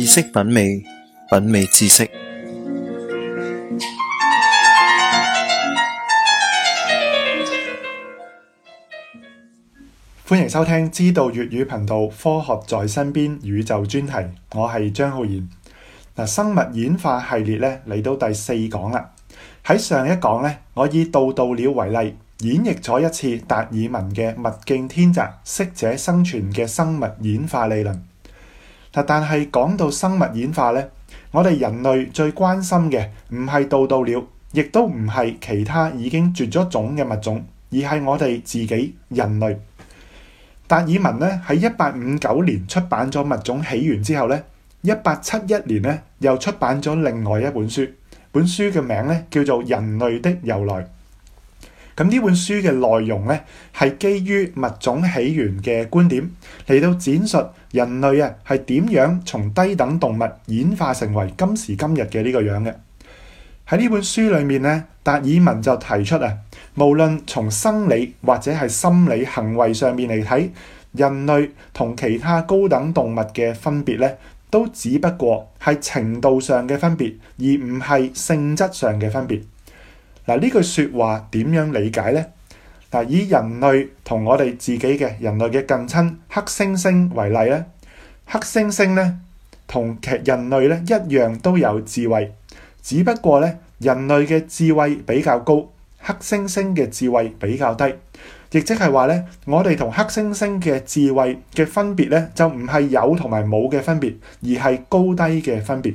知識品味，品味知識。歡迎收聽知道粵語頻道《科學在身邊·宇宙》專題，我係張浩然。嗱，生物演化系列咧嚟到第四講啦。喺上一講咧，我以渡渡鳥為例演繹咗一次達爾文嘅物競天擇、適者生存嘅生物演化理論。但係講到生物演化咧，我哋人類最關心嘅唔係渡渡鳥，亦都唔係其他已經絕咗種嘅物種，而係我哋自己人類。達爾文咧，喺一八五九年出版咗《物種起源》之後咧，一八七一年咧又出版咗另外一本書，本書嘅名咧叫做《人類的由來》。咁呢本書嘅內容咧，係基於物種起源嘅觀點嚟到展述人類啊，係點樣從低等動物演化成為今時今日嘅呢個樣嘅。喺呢本書裏面咧，達爾文就提出啊，無論從生理或者係心理行為上面嚟睇，人類同其他高等動物嘅分別咧，都只不過係程度上嘅分別，而唔係性質上嘅分別。嗱，呢句説話點樣理解呢？嗱，以人類同我哋自己嘅人類嘅近親黑猩猩為例呢，黑猩猩呢同人類呢一樣都有智慧，只不過呢人類嘅智慧比較高，黑猩猩嘅智慧比較低，亦即係話呢，我哋同黑猩猩嘅智慧嘅分別呢就唔係有同埋冇嘅分別，而係高低嘅分別。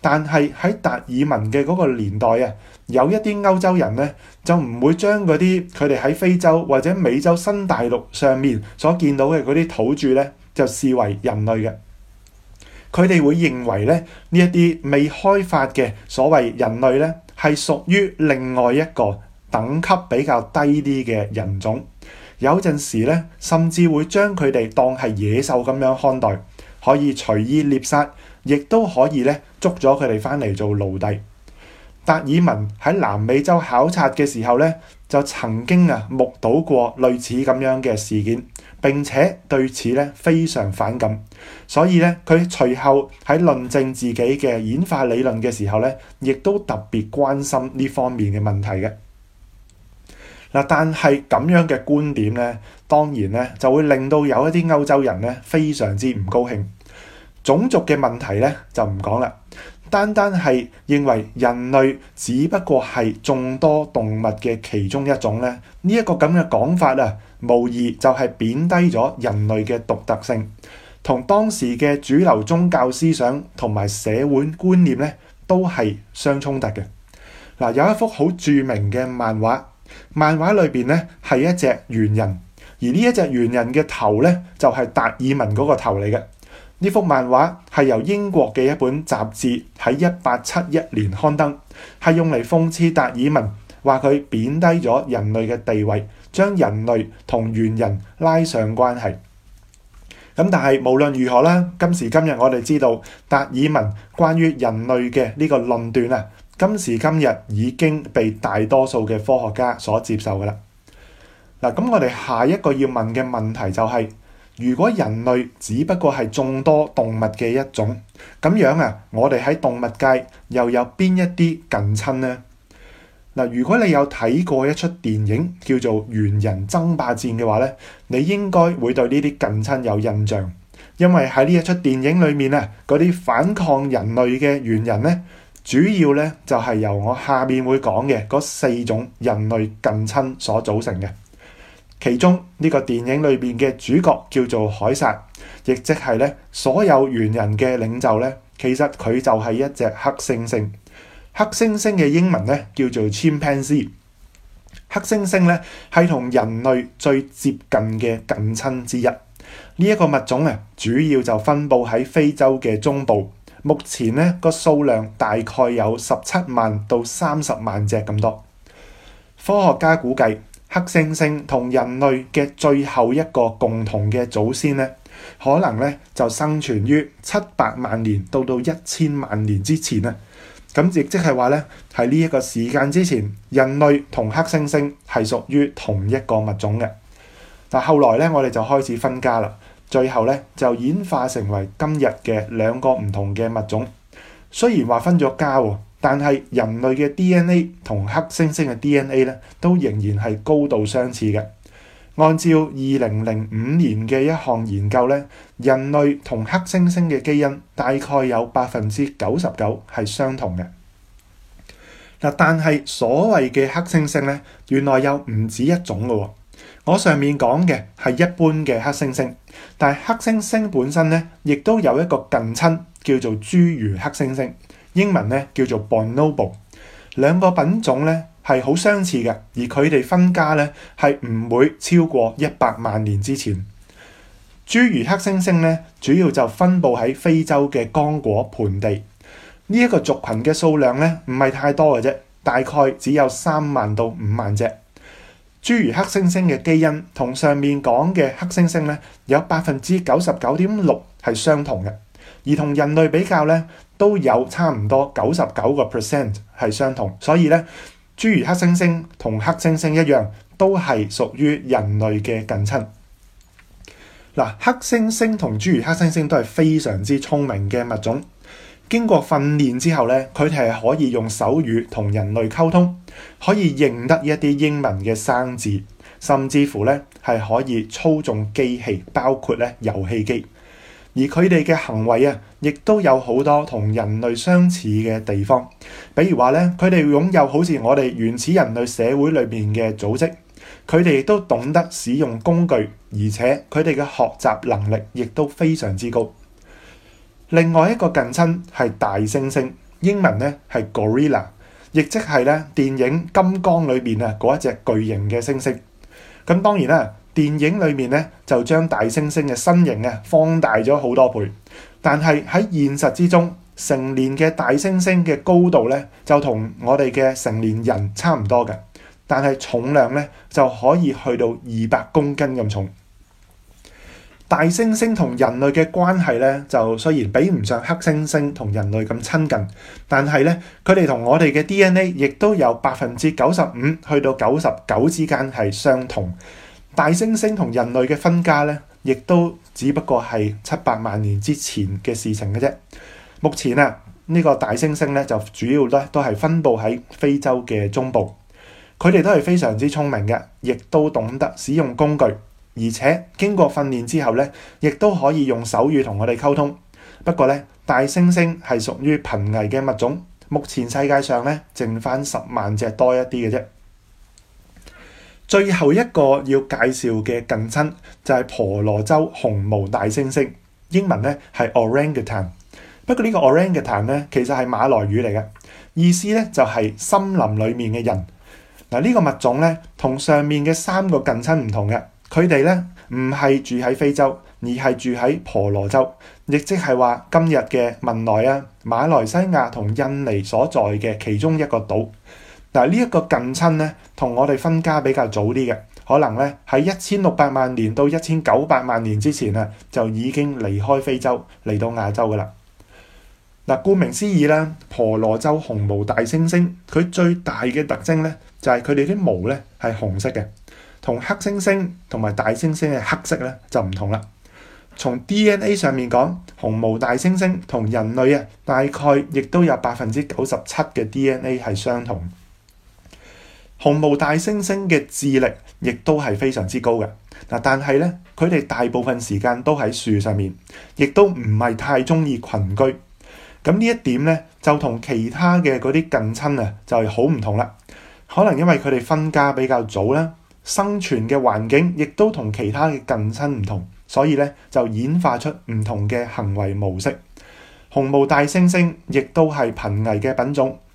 但係喺達爾文嘅嗰個年代啊，有一啲歐洲人咧就唔會將嗰啲佢哋喺非洲或者美洲新大陸上面所見到嘅嗰啲土著咧，就視為人類嘅。佢哋會認為咧，呢一啲未開發嘅所謂人類咧，係屬於另外一個等級比較低啲嘅人種。有陣時咧，甚至會將佢哋當係野獸咁樣看待，可以隨意獵殺，亦都可以咧，捉咗佢哋翻嚟做奴隸。達爾文喺南美洲考察嘅時候咧，就曾經啊目睹過類似咁樣嘅事件，並且對此咧非常反感。所以咧，佢隨後喺論證自己嘅演化理論嘅時候咧，亦都特別關心呢方面嘅問題嘅。嗱，但係咁樣嘅觀點咧，當然咧就會令到有一啲歐洲人咧非常之唔高興。種族嘅問題咧就唔講啦，單單係認為人類只不過係眾多動物嘅其中一種咧，呢一個咁嘅講法啊，無疑就係貶低咗人類嘅獨特性，同當時嘅主流宗教思想同埋社會觀念咧都係相衝突嘅。嗱，有一幅好著名嘅漫畫，漫畫裏面咧係一隻猿人，而呢一隻猿人嘅頭咧就係達爾文嗰個頭嚟嘅。呢幅漫畫係由英國嘅一本雜誌喺一八七一年刊登，係用嚟諷刺達爾文，話佢貶低咗人類嘅地位，將人類同猿人拉上關係。咁但係無論如何啦，今時今日我哋知道達爾文關於人類嘅呢個論斷啊，今時今日已經被大多數嘅科學家所接受㗎喇。嗱，咁我哋下一個要問嘅問題就係。如果人類只不過係眾多動物嘅一種，咁樣啊，我哋喺動物界又有邊一啲近親呢？嗱，如果你有睇過一出電影叫做《猿人爭霸戰》嘅話咧，你應該會對呢啲近親有印象，因為喺呢一出電影裏面啊，嗰啲反抗人類嘅猿人咧，主要咧就係由我下面會講嘅嗰四種人類近親所組成嘅。其中呢個電影裏面嘅主角叫做凱撒，亦即係咧所有猿人嘅領袖咧。其實佢就係一隻黑猩猩，黑猩猩嘅英文咧叫做 chimpanzee。黑猩猩咧係同人類最接近嘅近親之一。呢一個物種啊，主要就分布喺非洲嘅中部。目前呢個數量大概有十七萬到三十萬隻咁多。科學家估計，黑猩猩同人類嘅最後一個共同嘅祖先咧，可能咧就生存於七百萬年到到一千萬年之前啊！咁亦即係話咧，喺呢一個時間之前，人類同黑猩猩係屬於同一個物種嘅。但後來咧，我哋就開始分家啦，最後咧就演化成為今日嘅兩個唔同嘅物種。雖然話分咗家喎。但係人類嘅 DNA 同黑猩猩嘅 DNA 咧，都仍然係高度相似嘅。按照二零零五年嘅一項研究咧，人類同黑猩猩嘅基因大概有百分之九十九係相同嘅嗱。但係所謂嘅黑猩猩咧，原來有唔止一種噶喎。我上面講嘅係一般嘅黑猩猩，但係黑猩猩本身咧，亦都有一個近親叫做侏儒黑猩猩。英文咧叫做 Bonobo 兩個品種咧係好相似嘅，而佢哋分家咧係唔會超過一百萬年之前。侏儒黑猩猩咧主要就分布喺非洲嘅剛果盆地，呢、這、一個族群嘅數量咧唔係太多嘅啫，大概只有三萬到五萬隻。侏儒黑猩猩嘅基因同上面講嘅黑猩猩咧有百分之九十九點六係相同嘅。而同人類比較咧，都有差唔多九十九個 percent 係相同，所以咧，侏儒黑猩猩同黑猩猩一樣，都係屬於人類嘅近親。嗱，黑猩猩同侏儒黑猩猩都係非常之聰明嘅物種，經過訓練之後咧，佢哋係可以用手語同人類溝通，可以認得一啲英文嘅生字，甚至乎咧係可以操縱機器，包括咧遊戲機。而佢哋嘅行為啊，亦都有好多同人類相似嘅地方，比如話咧，佢哋擁有好似我哋原始人類社會裏面嘅組織，佢哋亦都懂得使用工具，而且佢哋嘅學習能力亦都非常之高。另外一個近親係大猩猩，英文咧係 gorilla，亦即係咧電影《金剛》裏邊啊嗰一隻巨型嘅猩猩。咁當然啦。電影裏面咧就將大猩猩嘅身形啊放大咗好多倍，但係喺現實之中，成年嘅大猩猩嘅高度咧就同我哋嘅成年人差唔多嘅，但係重量咧就可以去到二百公斤咁重。大猩猩同人類嘅關係咧就雖然比唔上黑猩猩同人類咁親近，但係咧佢哋同我哋嘅 DNA 亦都有百分之九十五去到九十九之間係相同。大猩猩同人類嘅分家咧，亦都只不過係七百萬年之前嘅事情嘅啫。目前啊，呢個大猩猩咧就主要咧都係分布喺非洲嘅中部。佢哋都係非常之聰明嘅，亦都懂得使用工具，而且經過訓練之後咧，亦都可以用手語同我哋溝通。不過咧，大猩猩係屬於瀕危嘅物種，目前世界上咧剩返十萬隻多一啲嘅啫。最後一個要介紹嘅近親就係、是、婆羅洲紅毛大猩猩，英文咧係 orangutan。不過呢個 orangutan 咧其實係馬來語嚟嘅，意思咧就係森林裏面嘅人。嗱、這、呢個物種咧同上面嘅三個近親唔同嘅，佢哋咧唔係住喺非洲，而係住喺婆羅洲，亦即係話今日嘅文萊啊、馬來西亞同印尼所在嘅其中一個島。嗱，呢一個近親咧，同我哋分家比較早啲嘅，可能咧喺一千六百萬年到一千九百萬年之前啊，就已經離開非洲嚟到亞洲噶啦。嗱，顧名思義啦，婆羅洲紅毛大猩猩，佢最大嘅特徵咧就係佢哋啲毛咧係紅色嘅，同黑猩猩同埋大猩猩嘅黑色咧就唔同啦。從 DNA 上面講，紅毛大猩猩同人類啊大概亦都有百分之九十七嘅 DNA 係相同。紅毛大猩猩嘅智力亦都係非常之高嘅，嗱，但係咧，佢哋大部分時間都喺樹上面，亦都唔係太中意群居。咁呢一點咧，就同其他嘅嗰啲近親啊，就係好唔同啦。可能因為佢哋分家比較早啦，生存嘅環境亦都同其他嘅近親唔同，所以咧就演化出唔同嘅行為模式。紅毛大猩猩亦都係瀕危嘅品種。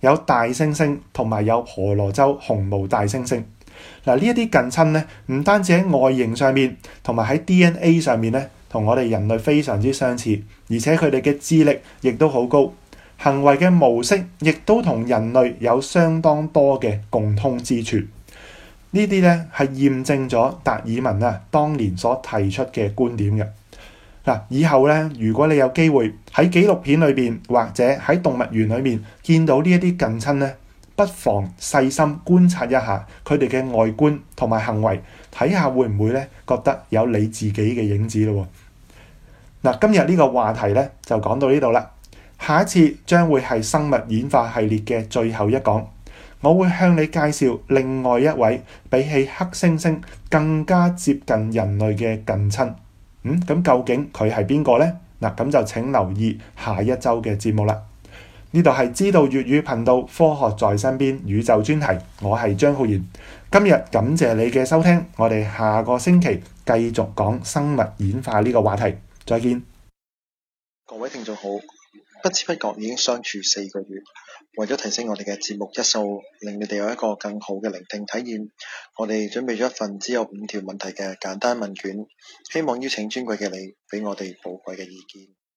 有大猩猩同埋有婆羅洲紅毛大猩猩嗱，呢一啲近親咧，唔單止喺外形上面，同埋喺 D N A 上面咧，同我哋人類非常之相似，而且佢哋嘅智力亦都好高，行為嘅模式亦都同人類有相當多嘅共通之處。呢啲咧係驗證咗達爾文啊當年所提出嘅觀點嘅。以後咧，如果你有機會喺紀錄片裏邊或者喺動物園裏面見到呢一啲近親咧，不妨細心觀察一下佢哋嘅外觀同埋行為，睇下會唔會咧覺得有你自己嘅影子咯。嗱，今日呢個話題咧就講到呢度啦。下一次將會係生物演化系列嘅最後一講，我會向你介紹另外一位比起黑猩猩更加接近人類嘅近親。嗯，咁究竟佢係邊個呢？嗱，咁就請留意下一周嘅節目啦。呢度係知道粵語頻道《科學在身邊》宇宙專題，我係張浩然。今日感謝你嘅收聽，我哋下個星期繼續講生物演化呢個話題。再見，各位聽眾好。不知不覺已經相處四個月，為咗提升我哋嘅節目質素，令你哋有一個更好嘅聆聽體驗，我哋準備咗一份只有五條問題嘅簡單問卷，希望邀請尊貴嘅你俾我哋寶貴嘅意見。